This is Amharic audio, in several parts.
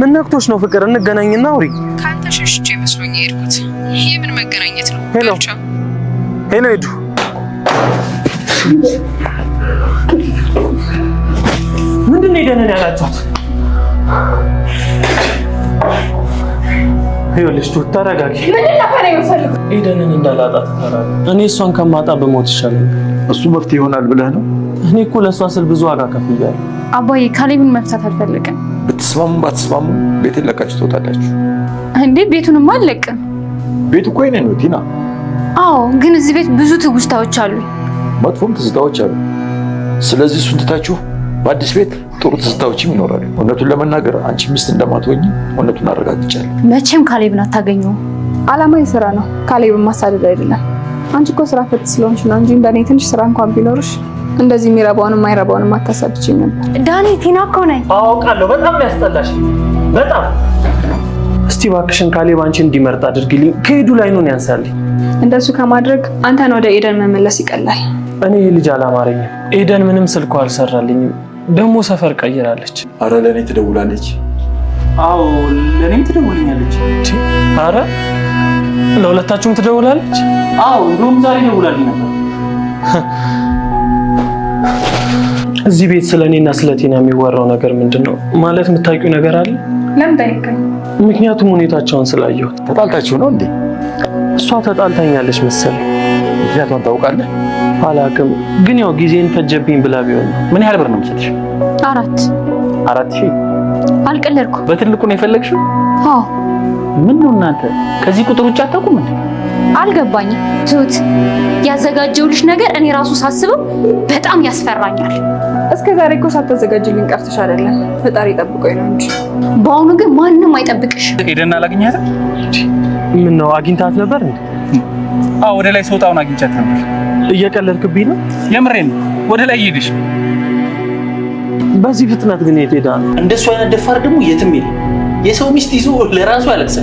ምን ነክቶሽ ነው ፍቅር? እንገናኝና አውሪ። ካንተ ሸሽቼ መስሎኝ የሄድኩት ይሄ ምን መገናኘት ነው? ሄሎ ሄሎ፣ ሂዱ ምንድን ነው የደህና ነው ያላችኋት? ይኸውልሽ ቱ ተረጋጊ። ኤደንን እንዳላጣት እኔ እሷን ከማጣ በሞት ይሻለኝ። እሱ መፍትሄ ይሆናል ብለህ ነው? እኔ እኮ ለእሷ ስል ብዙ ዋጋ ከፍያለሁ። አባዬ ካሌብን መፍታት አልፈልግም። ብትስማሙ ባትስማሙ ቤቴን ለቃችሁ ትወጣላችሁ። እንዴ ቤቱን አልለቅም። ቤቱ እኮ የእኔ ነው ቲና። አዎ ግን እዚህ ቤት ብዙ ትውስታዎች አሉ፣ መጥፎም ትዝታዎች አሉ። ስለዚህ እሱን ትታችሁ በአዲስ ቤት ጥሩ ትዝታዎችም ይኖራሉ። እውነቱን ለመናገር አንቺ ሚስት እንደማትሆኝ እውነቱን አረጋግጫለሁ። መቼም ካሌብን አታገኘውም። አላማ የስራ ነው፣ ካሌብን ማሳደድ አይደለም። አንቺ እኮ ስራ ፈት ስለሆንሽ ነው እንጂ እንደኔ ትንሽ ስራ እንኳን ቢኖርሽ እንደዚህ የሚረባውን የማይረባውን ማታሳብችኝ ነበር። ዳኒ ቲና እኮ ነኝ አውቃለሁ። በጣም ያስጠላሽ። በጣም እስቲ እባክሽን ካሌብ አንቺን እንዲመርጥ አድርግልኝ። ከሄዱ ላይ ነው ያንሳልኝ። እንደሱ ከማድረግ አንተን ወደ ኤደን መመለስ ይቀላል። እኔ ልጅ አላማረኝም። ኤደን ምንም ስልኳ አልሰራልኝም። ደግሞ ሰፈር ቀይራለች። አረ ለእኔ ትደውላለች። አዎ ለእኔም ትደውልኛለች። አረ ለሁለታችሁም ትደውላለች። አዎ እንደውም ዛሬ ደውላልኝ ነበር እዚህ ቤት ስለ እኔና ስለ ቲና የሚወራው ነገር ምንድን ነው? ማለት የምታውቂው ነገር አለ? ለምን ጠይቀኝ? ምክንያቱም ሁኔታቸውን ስላየሁት። ተጣልታችሁ ነው እንዴ? እሷ ተጣልታኛለች መሰለኝ። ምክንያቱን ታውቃለህ? አላውቅም፣ ግን ያው ጊዜን ፈጀብኝ ብላ ቢሆን። ምን ያህል ብር ነው የምትሰጥሽ? አራት አራት ሺህ አልቀለድኩም። በትልቁ ነው የፈለግሽው? አዎ። ምን ነው እናንተ ከዚህ ቁጥር ውጭ አታውቁም እንዴ? አልገባኝም። ትሁት ያዘጋጀውልሽ ነገር እኔ ራሱ ሳስበው በጣም ያስፈራኛል። እስከ ዛሬ እኮ ሳታዘጋጅልኝ ቀርተሽ አይደለም፣ ፈጣሪ ጠብቆኝ ነው እንጂ። በአሁኑ ግን ማንም አይጠብቅሽ። ሄደና አላገኛትም። ምን ነው አግኝታት ነበር እንዴ? አዎ፣ ወደ ላይ ሰውጣውን አግኝቻት ነበር። እየቀለድክብኝ ነው? የምሬን ነው። ወደ ላይ እየሄደች በዚህ ፍጥነት ግን የት ሄዳ እንደሱ አይነት ደፋር ደግሞ የትም የለም። የሰው ሚስት ይዞ ለራሱ አለቅሰ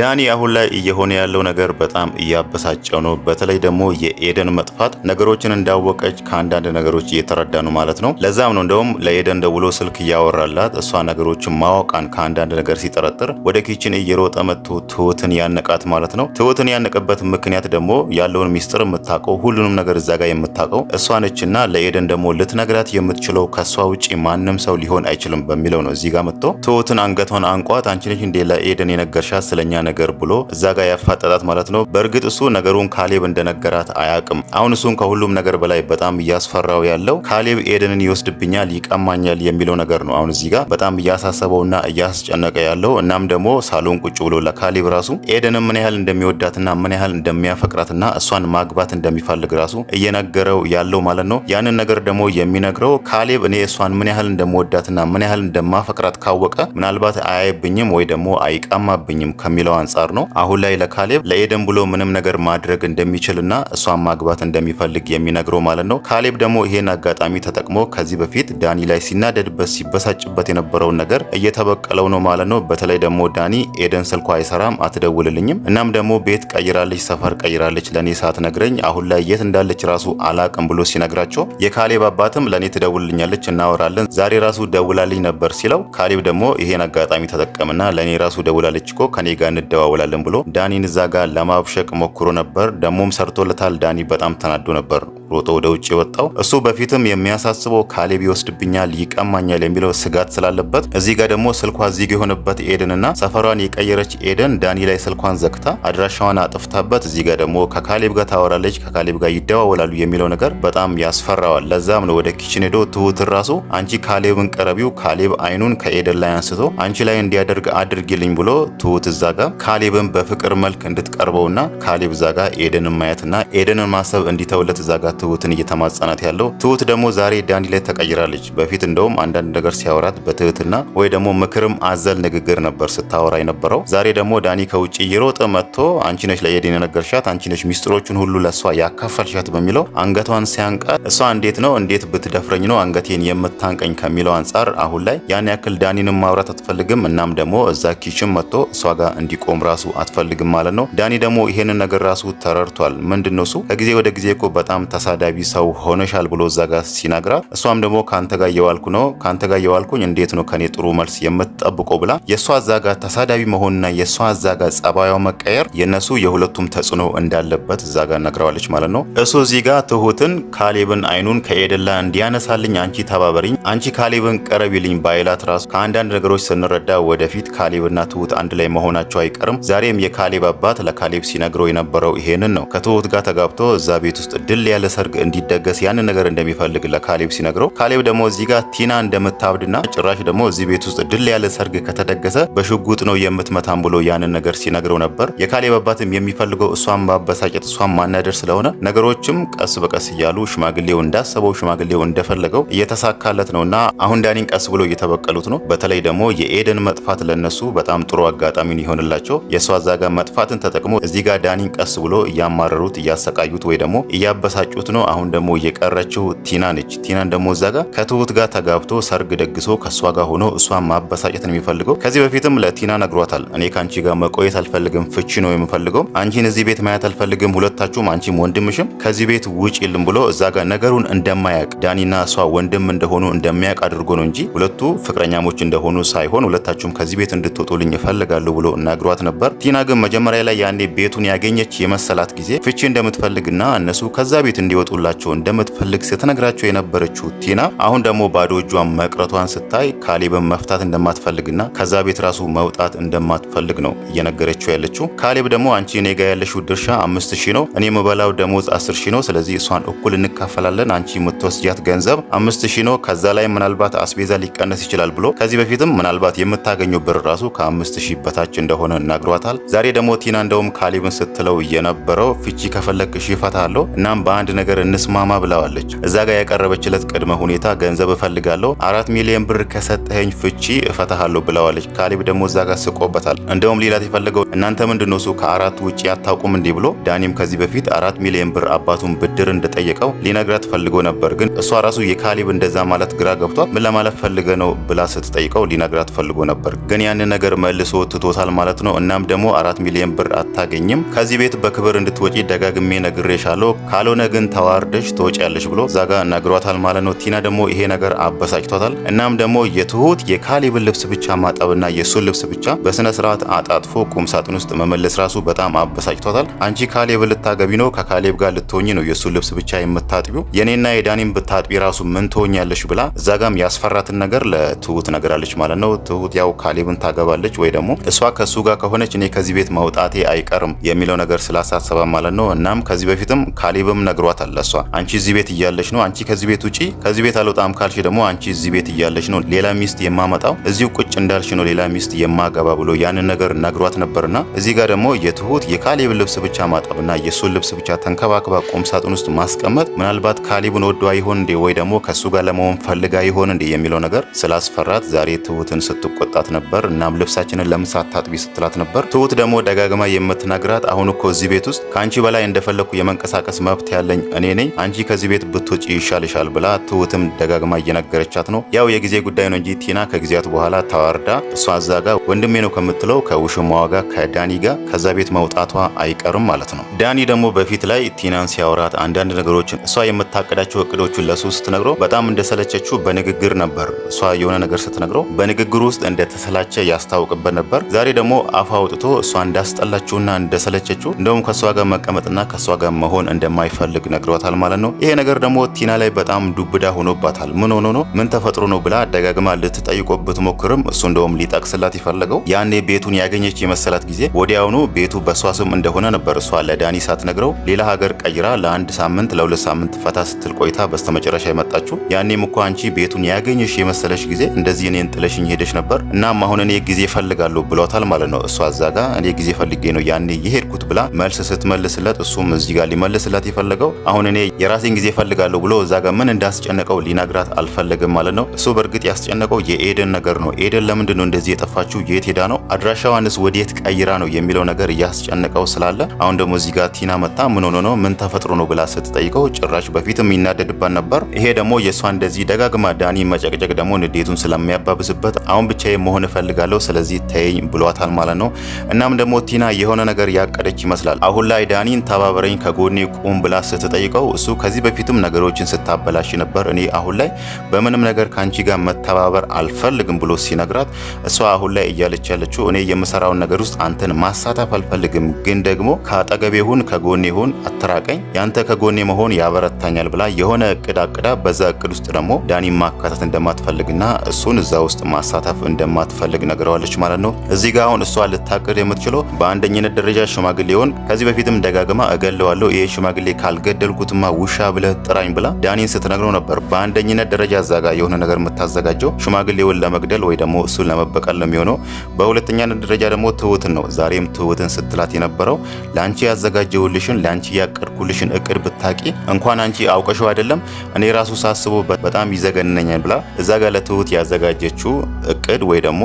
ዳኒ አሁን ላይ እየሆነ ያለው ነገር በጣም እያበሳጨው ነው። በተለይ ደግሞ የኤደን መጥፋት ነገሮችን እንዳወቀች ከአንዳንድ ነገሮች እየተረዳ ነው ማለት ነው። ለዛም ነው እንደውም ለኤደን ደውሎ ስልክ እያወራላት እሷ ነገሮችን ማወቃን ከአንዳንድ ነገር ሲጠረጥር ወደ ኪችን እየሮጠ መጥቶ ትሁትን ያነቃት ማለት ነው። ትሁትን ያነቀበት ምክንያት ደግሞ ያለውን ሚስጥር የምታውቀው ሁሉንም ነገር እዛ ጋር የምታውቀው እሷ ነችና ለኤደን ደግሞ ልትነግራት የምትችለው ከእሷ ውጭ ማንም ሰው ሊሆን አይችልም በሚለው ነው እዚህ ጋር መጥቶ ትሁትን አንገቷን አንቋት አንቺ ነሽ እንዴ ለኤደን የነገርሻት ስለኛ ነገር ብሎ እዛ ጋር ያፋጠጣት ማለት ነው። በእርግጥ እሱ ነገሩን ካሌብ እንደነገራት አያቅም። አሁን እሱን ከሁሉም ነገር በላይ በጣም እያስፈራው ያለው ካሌብ ኤደንን ይወስድብኛል፣ ይቀማኛል የሚለው ነገር ነው። አሁን እዚህ ጋር በጣም እያሳሰበውና እያስጨነቀ ያለው እናም ደግሞ ሳሎን ቁጭ ብሎ ለካሌብ ራሱ ኤደንን ምን ያህል እንደሚወዳትና ምን ያህል እንደሚያፈቅራትና እሷን ማግባት እንደሚፈልግ ራሱ እየነገረው ያለው ማለት ነው። ያንን ነገር ደግሞ የሚነግረው ካሌብ እኔ እሷን ምን ያህል እንደምወዳትና ምን ያህል እንደማፈቅራት ካወቀ ምናልባት አያይብኝም ወይ ደግሞ አይቀማብኝም ከሚለው አንጻር ነው። አሁን ላይ ለካሌብ ለኤደን ብሎ ምንም ነገር ማድረግ እንደሚችልና እሷን ማግባት እንደሚፈልግ የሚነግረው ማለት ነው። ካሌብ ደግሞ ይሄን አጋጣሚ ተጠቅሞ ከዚህ በፊት ዳኒ ላይ ሲናደድበት ሲበሳጭበት የነበረውን ነገር እየተበቀለው ነው ማለት ነው። በተለይ ደግሞ ዳኒ ኤደን ስልኳ አይሰራም፣ አትደውልልኝም፣ እናም ደግሞ ቤት ቀይራለች፣ ሰፈር ቀይራለች፣ ለኔ ሳትነግረኝ አሁን ላይ የት እንዳለች ራሱ አላቅም ብሎ ሲነግራቸው የካሌብ አባትም ለኔ ትደውልልኛለች፣ እናወራለን፣ ዛሬ ራሱ ደውላልኝ ነበር ሲለው ካሌብ ደግሞ ይሄን አጋጣሚ ተጠቀምና ለእኔ ራሱ ደውላለች እኮ ከኔ ጋር እንደዋወላለን ብሎ ዳኒን እዛ ጋር ለማብሸቅ ሞክሮ ነበር። ደሞም ሰርቶለታል። ዳኒ በጣም ተናዶ ነበር። ሮጦ ወደ ውጭ የወጣው እሱ በፊትም የሚያሳስበው ካሌብ ይወስድብኛል፣ ይቀማኛል የሚለው ስጋት ስላለበት እዚህ ጋር ደግሞ ስልኳ ዚግ የሆነበት ኤደንና ሰፈሯን የቀየረች ኤደን ዳኒ ላይ ስልኳን ዘግታ አድራሻዋን አጥፍታበት እዚህ ጋር ደግሞ ከካሌብ ጋር ታወራለች፣ ከካሌብ ጋር ይደዋወላሉ የሚለው ነገር በጣም ያስፈራዋል። ለዛም ነው ወደ ኪችን ሄዶ ትሁት ራሱ አንቺ ካሌብን ቀረቢው ካሌብ አይኑን ከኤደን ላይ አንስቶ አንቺ ላይ እንዲያደርግ አድርጊልኝ ብሎ ትሁት እዛ ጋር ካሌብን በፍቅር መልክ እንድትቀርበውና ካሌብ እዛ ጋር ኤደንን ማየትና ኤደንን ማሰብ እንዲተውለት እዛ ጋር ትሁትን እየተማጸናት ያለው። ትሁት ደግሞ ዛሬ ዳኒ ላይ ተቀይራለች። በፊት እንደውም አንዳንድ ነገር ሲያወራት በትህትና ወይ ደግሞ ምክርም አዘል ንግግር ነበር ስታወራ የነበረው። ዛሬ ደግሞ ዳኒ ከውጭ እየሮጠ መጥቶ አንቺ ነሽ ለኤደን የነገርሻት፣ አንቺ ነሽ ሚስጥሮቹን ሁሉ ለእሷ ያካፈልሻት በሚለው አንገቷን ሲያንቃት እሷ እንዴት ነው እንዴት ብትደፍረኝ ነው አንገቴን የምታንቀኝ ከሚለው አንጻር አሁን ላይ ያን ያክል ዳኒንም ማውራት አትፈልግም። እናም ደግሞ እዛ ኪችን መጥቶ እሷ ጋር እንዲቆም ራሱ አትፈልግም ማለት ነው። ዳኒ ደግሞ ይሄንን ነገር ራሱ ተረድቷል። ምንድን ነው እሱ ከጊዜ ወደ ጊዜ እኮ በጣም ተሳ ተሳዳቢ ሰው ሆነሻል ብሎ እዛ ጋር ሲነግራት እሷም ደግሞ ከአንተ ጋር እየዋልኩ ነው ከአንተ ጋር እየዋልኩኝ እንዴት ነው ከኔ ጥሩ መልስ የምትጠብቀው ብላ የእሷ እዛ ጋር ተሳዳቢ መሆንና የእሷ እዛ ጋር ጸባያው መቀየር የእነሱ የሁለቱም ተጽዕኖ እንዳለበት እዛ ጋር ነግረዋለች ማለት ነው። እሱ እዚህ ጋር ትሁትን ካሌብን አይኑን ከኤደላ እንዲያነሳልኝ አንቺ ተባበሪኝ፣ አንቺ ካሌብን ቀረቢልኝ ባይላት ራሱ ከአንዳንድ ነገሮች ስንረዳ ወደፊት ካሌብና ትሁት አንድ ላይ መሆናቸው አይቀርም። ዛሬም የካሌብ አባት ለካሌብ ሲነግረው የነበረው ይሄንን ነው። ከትሁት ጋር ተጋብቶ እዛ ቤት ውስጥ ድል ያለ ሰርግ እንዲደገስ ያንን ነገር እንደሚፈልግ ለካሌብ ሲነግረው ካሌብ ደግሞ እዚህ ጋር ቲና እንደምታብድና ጭራሽ ደግሞ እዚህ ቤት ውስጥ ድል ያለ ሰርግ ከተደገሰ በሽጉጥ ነው የምትመታም ብሎ ያንን ነገር ሲነግረው ነበር። የካሌብ አባትም የሚፈልገው እሷን ማበሳጨት እሷን ማናደር ስለሆነ ነገሮችም ቀስ በቀስ እያሉ ሽማግሌው እንዳሰበው ሽማግሌው እንደፈለገው እየተሳካለት ነው እና አሁን ዳኒን ቀስ ብሎ እየተበቀሉት ነው። በተለይ ደግሞ የኤደን መጥፋት ለነሱ በጣም ጥሩ አጋጣሚን ይሆንላቸው። የእሷ ዛጋ መጥፋትን ተጠቅሞ እዚህ ጋር ዳኒን ቀስ ብሎ እያማረሩት እያሰቃዩት ወይ ደግሞ እያበሳጩት ነው። አሁን ደግሞ እየቀረችው ቲና ነች። ቲናን ደግሞ እዛ ጋር ከትሁት ጋር ተጋብቶ ሰርግ ደግሶ ከእሷ ጋር ሆኖ እሷን ማበሳጨት ነው የሚፈልገው። ከዚህ በፊትም ለቲና ነግሯታል። እኔ ከአንቺ ጋር መቆየት አልፈልግም፣ ፍቺ ነው የምፈልገው። አንቺን እዚህ ቤት ማየት አልፈልግም፣ ሁለታችሁም አንቺም ወንድምሽም ከዚህ ቤት ውጭ ልም ብሎ እዛ ጋር ነገሩን እንደማያቅ ዳኒና እሷ ወንድም እንደሆኑ እንደሚያቅ አድርጎ ነው እንጂ ሁለቱ ፍቅረኛሞች እንደሆኑ ሳይሆን ሁለታችሁም ከዚህ ቤት እንድትወጡልኝ እፈልጋለሁ ብሎ ነግሯት ነበር። ቲና ግን መጀመሪያ ላይ ያኔ ቤቱን ያገኘች የመሰላት ጊዜ ፍቺ እንደምትፈልግና እነሱ ከዛ ቤት እንዲወጡላቸው እንደምትፈልግ ስትነግራቸው የነበረችው ቲና አሁን ደግሞ ባዶ እጇን መቅረቷን ስታይ ካሌብን መፍታት እንደማትፈልግና ከዛ ቤት ራሱ መውጣት እንደማትፈልግ ነው እየነገረችው ያለችው። ካሌብ ደግሞ አንቺ እኔ ጋ ያለሽው ድርሻ አምስት ሺ ነው፣ እኔ የምበላው ደሞዝ አስር ሺ ነው። ስለዚህ እሷን እኩል እንካፈላለን። አንቺ የምትወስጃት ገንዘብ አምስት ሺ ነው፣ ከዛ ላይ ምናልባት አስቤዛ ሊቀነስ ይችላል ብሎ ከዚህ በፊትም ምናልባት የምታገኘው ብር ራሱ ከአምስት ሺ በታች እንደሆነ እናግሯታል። ዛሬ ደግሞ ቲና እንደውም ካሌብን ስትለው የነበረው ፍቺ ከፈለግሽ ይፈታለሁ እናም በአንድ ነገር እንስማማ ብለዋለች። እዛ ጋር ያቀረበችለት ቅድመ ሁኔታ ገንዘብ እፈልጋለሁ፣ አራት ሚሊዮን ብር ከሰጠኸኝ ፍቺ እፈታሃለሁ ብለዋለች። ካሌብ ደግሞ እዛ ጋር ስቆበታል። እንደውም ሌላት የፈለገው እናንተ ምንድን ነው እሱ ከአራት ውጭ አታውቁም እንዲህ ብሎ ዳኒም ከዚህ በፊት አራት ሚሊዮን ብር አባቱን ብድር እንደጠየቀው ሊነግራት ፈልጎ ነበር። ግን እሷ ራሱ የካሌብ እንደዛ ማለት ግራ ገብቷት ምን ለማለት ፈልገ ነው ብላ ስትጠይቀው ሊነግራት ፈልጎ ነበር። ግን ያንን ነገር መልሶ ትቶታል ማለት ነው። እናም ደግሞ አራት ሚሊዮን ብር አታገኝም ከዚህ ቤት በክብር እንድትወጪ ደጋግሜ ነግሬሻለሁ፣ ካልሆነ ግን ተዋርደሽ ትወጪያለሽ ብሎ እዛ ጋ ነግሯታል ማለት ነው። ቲና ደግሞ ይሄ ነገር አበሳጭቷታል። እናም ደግሞ የትሁት የካሊብን ልብስ ብቻ ማጠብና የእሱን ልብስ ብቻ በስነ ስርዓት አጣጥፎ ቁም ሳጥን ውስጥ መመለስ ራሱ በጣም አበሳጭቷታል። አንቺ ካሌብ ልታገቢ ነው፣ ከካሌብ ጋር ልትሆኝ ነው፣ የእሱን ልብስ ብቻ የምታጥቢው የኔና የዳኒም ብታጥቢ ራሱ ምን ትሆኛለሽ ብላ እዛ ጋም ያስፈራትን ነገር ለትሁት ነግራለች ማለት ነው። ትሁት ያው ካሌብን ታገባለች ወይ ደግሞ እሷ ከእሱ ጋር ከሆነች እኔ ከዚህ ቤት መውጣቴ አይቀርም የሚለው ነገር ስላሳሰባ ማለት ነው። እናም ከዚህ በፊትም ካሌብም ነግሯታል ትላታል ለሷ። አንቺ እዚህ ቤት እያለች ነው አንቺ ከዚህ ቤት ውጪ ከዚህ ቤት አልወጣም ካልሽ ደግሞ አንቺ እዚህ ቤት እያለች ነው ሌላ ሚስት የማመጣው እዚሁ ቁጭ እንዳልሽ ነው ሌላ ሚስት የማገባ ብሎ ያንን ነገር ነግሯት ነበርና እዚህ ጋር ደግሞ የትሁት የካሌብ ልብስ ብቻ ማጠብና የሱ ልብስ ብቻ ተንከባክባ ቁም ሳጥን ውስጥ ማስቀመጥ ምናልባት ካሌብን ወዷ ይሆን እንዴ ወይ ደግሞ ከሱ ጋር ለመሆን ፈልጋ ይሆን እንዴ የሚለው ነገር ስላስፈራት ዛሬ ትሁትን ስትቆጣት ነበር። እናም ልብሳችንን ለምን ሳታጥቢ ስትላት ነበር። ትሁት ደግሞ ደጋግማ የምትነግራት አሁን እኮ እዚህ ቤት ውስጥ ከአንቺ በላይ እንደፈለግኩ የመንቀሳቀስ መብት ያለኝ እኔ ነኝ አንቺ ከዚህ ቤት ብትወጪ ይሻልሻል ብላ ትሁትም ደጋግማ እየነገረቻት ነው። ያው የጊዜ ጉዳይ ነው እንጂ ቲና ከጊዜያት በኋላ ታዋርዳ እሷ እዛ ጋር ወንድሜ ነው ከምትለው ከውሽማዋ ጋር ከዳኒ ጋር ከዛ ቤት መውጣቷ አይቀርም ማለት ነው። ዳኒ ደግሞ በፊት ላይ ቲናን ሲያወራት አንዳንድ ነገሮችን እሷ የምታቀዳቸው እቅዶቹን ለሱ ስትነግረው በጣም እንደሰለቸችው በንግግር ነበር። እሷ የሆነ ነገር ስትነግረው በንግግር ውስጥ እንደተሰላቸ ያስታውቅበት ነበር። ዛሬ ደግሞ አፋ አውጥቶ እሷ እንዳስጠላችውና እንደሰለቸችው እንደውም ከእሷ ጋር መቀመጥና ከእሷ ጋር መሆን እንደማይፈልግ ነግሯታል ማለት ነው። ይሄ ነገር ደግሞ ቲና ላይ በጣም ዱብዳ ሆኖባታል። ምን ሆኖ ነው ምን ተፈጥሮ ነው ብላ አደጋግማ ልትጠይቆ ብትሞክርም እሱ እንደውም ሊጠቅስላት የፈለገው ያኔ ቤቱን ያገኘች የመሰላት ጊዜ ወዲያውኑ ቤቱ በእሷ ስም እንደሆነ ነበር። እሷ ለዳኒ ሳትነግረው ሌላ ሀገር ቀይራ ለአንድ ሳምንት ለሁለት ሳምንት ፈታ ስትል ቆይታ በስተመጨረሻ የመጣችው ያኔም እኮ አንቺ ቤቱን ያገኘሽ የመሰለሽ ጊዜ እንደዚህ እኔን ጥለሽኝ ሄደሽ ነበር። እናም አሁን እኔ ጊዜ እፈልጋለሁ ብሏታል ማለት ነው። እሷ እዛ ጋ እኔ ጊዜ ፈልጌ ነው ያኔ የሄድኩት ብላ መልስ ስትመልስለት እሱም እዚህ ጋር ሊመልስላት የፈለገው አሁን እኔ የራሴን ጊዜ ፈልጋለሁ ብሎ እዛ ጋር ምን እንዳስጨነቀው ሊነግራት አልፈለግም ማለት ነው። እሱ በእርግጥ ያስጨነቀው የኤደን ነገር ነው። ኤደን ለምንድን ነው እንደዚህ የጠፋችው? የት ሄዳ ነው? አድራሻዋንስ ወዴት ቀይራ ነው የሚለው ነገር እያስጨነቀው ስላለ አሁን ደግሞ እዚህ ጋር ቲና መታ ምን ሆኖ ነው ምን ተፈጥሮ ነው ብላ ስትጠይቀው ጭራሽ በፊትም ይናደድባት ነበር። ይሄ ደግሞ የእሷ እንደዚህ ደጋግማ ዳኒ መጨቅጨቅ ደግሞ ንዴቱን ስለሚያባብስበት አሁን ብቻ መሆን እፈልጋለሁ ስለዚህ ተይኝ ብሏታል ማለት ነው። እናም ደግሞ ቲና የሆነ ነገር ያቀደች ይመስላል። አሁን ላይ ዳኒን ተባበረኝ፣ ከጎኔ ቁም ብላ ስትጠ ስጠይቀው እሱ ከዚህ በፊትም ነገሮችን ስታበላሽ ነበር፣ እኔ አሁን ላይ በምንም ነገር ከአንቺ ጋር መተባበር አልፈልግም ብሎ ሲነግራት እሷ አሁን ላይ እያለች ያለችው እኔ የምሰራውን ነገር ውስጥ አንተን ማሳተፍ አልፈልግም፣ ግን ደግሞ ከአጠገቤ ሁን፣ ከጎኔ ሁን፣ አትራቀኝ፣ ያንተ ከጎኔ መሆን ያበረታኛል ብላ የሆነ እቅድ አቅዳ በዛ እቅድ ውስጥ ደግሞ ዳኒ ማካተት እንደማትፈልግና እሱን እዛ ውስጥ ማሳተፍ እንደማትፈልግ ነግረዋለች ማለት ነው። እዚህ ጋር አሁን እሷ ልታቅድ የምትችለው በአንደኝነት ደረጃ ሽማግሌውን ከዚህ በፊትም ደጋግማ እገለዋለሁ ይሄ ሽማግሌ ካልገደሉ አልቻልኩትማ ውሻ ብለህ ጥራኝ ብላ ዳኒን ስትነግረው ነበር። በአንደኝነት ደረጃ እዛ ጋር የሆነ ነገር የምታዘጋጀው ሽማግሌውን ለመግደል ወይ ደግሞ እሱን ለመበቀል ነው የሚሆነው። በሁለተኛነት ደረጃ ደግሞ ትሁትን ነው። ዛሬም ትሁትን ስትላት የነበረው ለአንቺ ያዘጋጀውልሽን ለአንቺ ያቀድኩልሽን እቅድ ብታቂ እንኳን አንቺ አውቀሽው አይደለም እኔ ራሱ ሳስቦ በጣም ይዘገነኛል ብላ እዛ ጋር ለትሁት ያዘጋጀችው እቅድ ወይ ደግሞ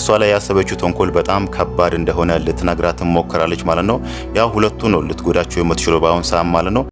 እሷ ላይ ያሰበችው ተንኮል በጣም ከባድ እንደሆነ ልትነግራት ሞክራለች ማለት ነው። ያው ሁለቱ ነው ልትጎዳቸው የምትችለው በአሁን ሰዓት ማለት ነው።